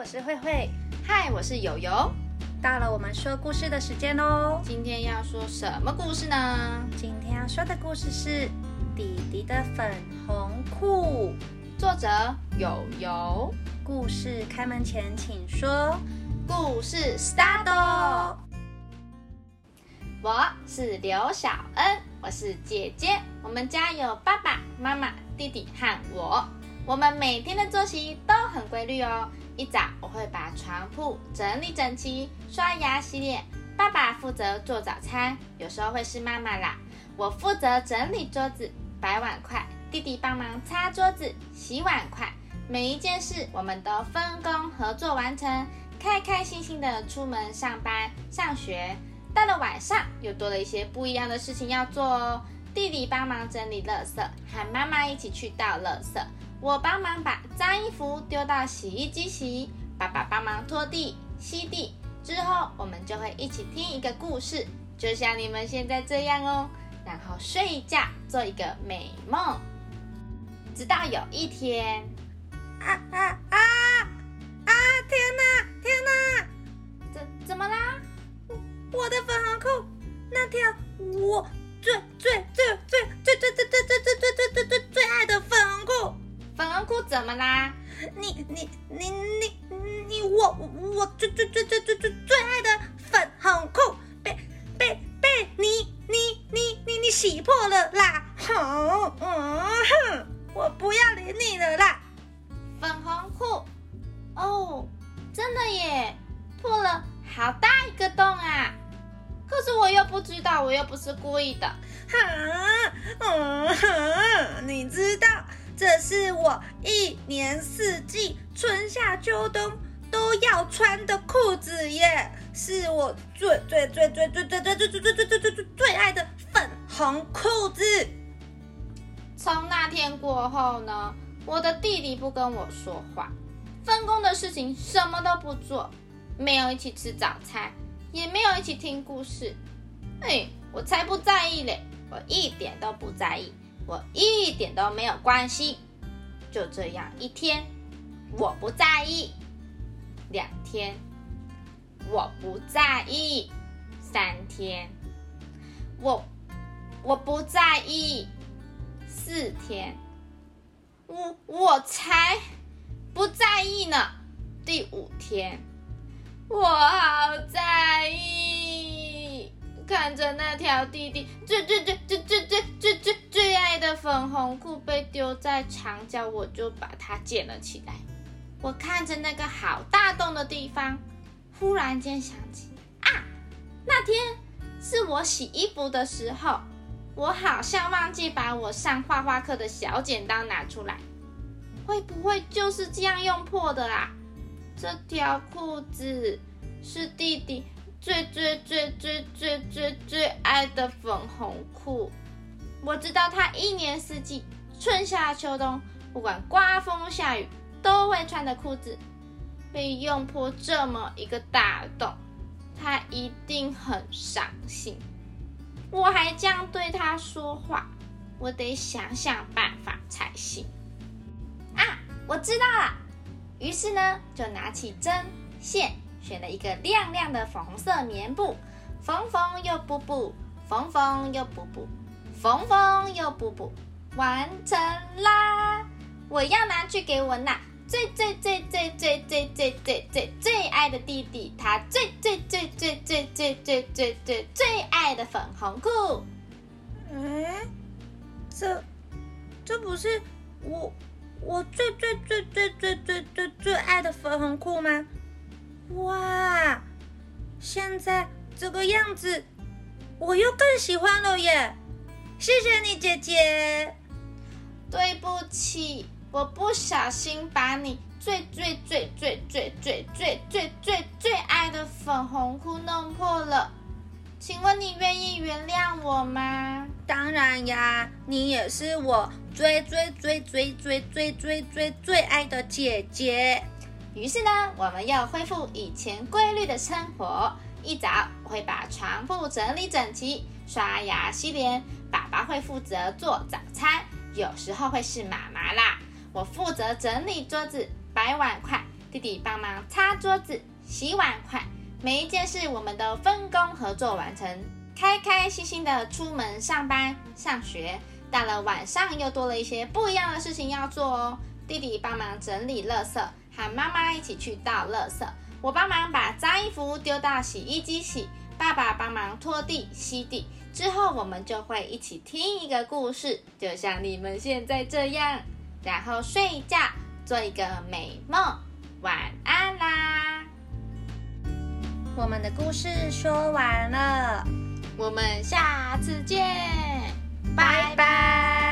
我是慧慧，嗨，我是有油。到了我們說故事的時間嘍！今天要說什麼故事呢？今天要說的故事是弟弟的粉紅褲。作者有油。故事開門前請說，故事 start。我是劉小恩，我是姐姐。我們家有爸爸媽媽、弟弟和我，我們每天的作息都很規律哦。一早我會把床鋪整理整齊，刷牙洗臉。爸爸負責做早餐，有時候會是媽媽啦。我負責整理桌子，擺碗筷。弟弟幫忙擦桌子、洗碗筷。每一件事我們都分工合作完成，開開心心的出門上班、上學。到了晚上，又多了一些不一樣的事情要做哦。弟弟幫忙整理垃圾，和媽媽一起去倒垃圾。我幫忙把髒衣服丟到洗衣機洗，爸爸幫忙拖地、吸地，之後我們就會一起聽一個故事，就像你們現在這樣哦，然後睡一覺，做一個美夢，直到有一天。啊啊啊！啊怎麼啦？你你你你你，你我我，我最最最最最最最愛的粉紅褲被被被你你你你你洗破了啦！哼、嗯、哼，我不要理你了啦！粉紅褲哦，真的耶，破了好大一個洞啊！可是我又不知道，我又不是故意的。哼，哼、嗯，你知道。這是我一年四季春夏秋冬都要穿的褲子耶，是我最最,最最最最最最最最最最最最愛的粉紅褲子。從那天過後呢，我的弟弟不跟我說話，分工的事情什麼都不做，沒有一起吃早餐，也沒有一起聽故事。哎、嗯，我才不在意呢，我一點都不在意。我一點都沒有關係，就這樣一天，我不在意；兩天，我不在意；三天，我我不在意；四天，我我才不在意呢。第五天，我好在意，看着那條弟弟，這這這這。粉紅褲被丟在牆角，我就把它撿了起來。我看着那個好大洞的地方，忽然間想起啊，那天是我洗衣服的時候，我好像忘記把我上畫畫課的小剪刀拿出來，會不會就是這樣用破的啊？這條褲子是弟弟最最最最最最最最愛的粉紅褲。我知道他一年四季，春夏秋冬，不管颳風下雨，都會穿的褲子，被用破這麼一個大洞，他一定很傷心。我還這樣對他說話，我得想想辦法才行。啊，我知道了。於是呢，就拿起針線，選了一個亮亮的粉紅色棉布，縫縫又補補，縫縫又補補，縫縫又補補。縫縫又補補，完成啦！我要拿去給我那最最最最最最最最最最最,最,最,最,最,最愛的弟弟，他最最最最最最最,最最最最最最最最最最愛的粉紅褲。誒，這這不是我我最最最最最,最最最最最最最最愛的粉紅褲嗎？哇，現在這個樣子，我又更喜歡了耶！謝謝你，姐姐。對不起，我不小心把你最最最最最最最最最最最最最愛的粉紅褲弄破了。請問你願意原諒我嗎？當然呀，你也是我最最最最最最最最最最最最愛的姐姐。於是呢，我們要恢復以前規律的生活。一早我會把床鋪整理整齊，刷牙洗臉。爸爸會負責做早餐，有時候會是媽媽啦。我負責整理桌子、擺碗筷，弟弟幫忙擦桌子、洗碗筷。每一件事我們都分工合作完成，開開心心的出門上班、上學。到了晚上，又多了一些不一樣的事情要做哦。弟弟幫忙整理垃圾，和媽媽一起去倒垃圾。我幫忙把髒衣服丟到洗衣機洗。爸爸幫忙拖地、吸地之後，我們就會一起聽一個故事，就像你們現在這樣，然後睡覺，做一個美夢，晚安啦！我們的故事說完了，我們下次見，拜拜。拜拜。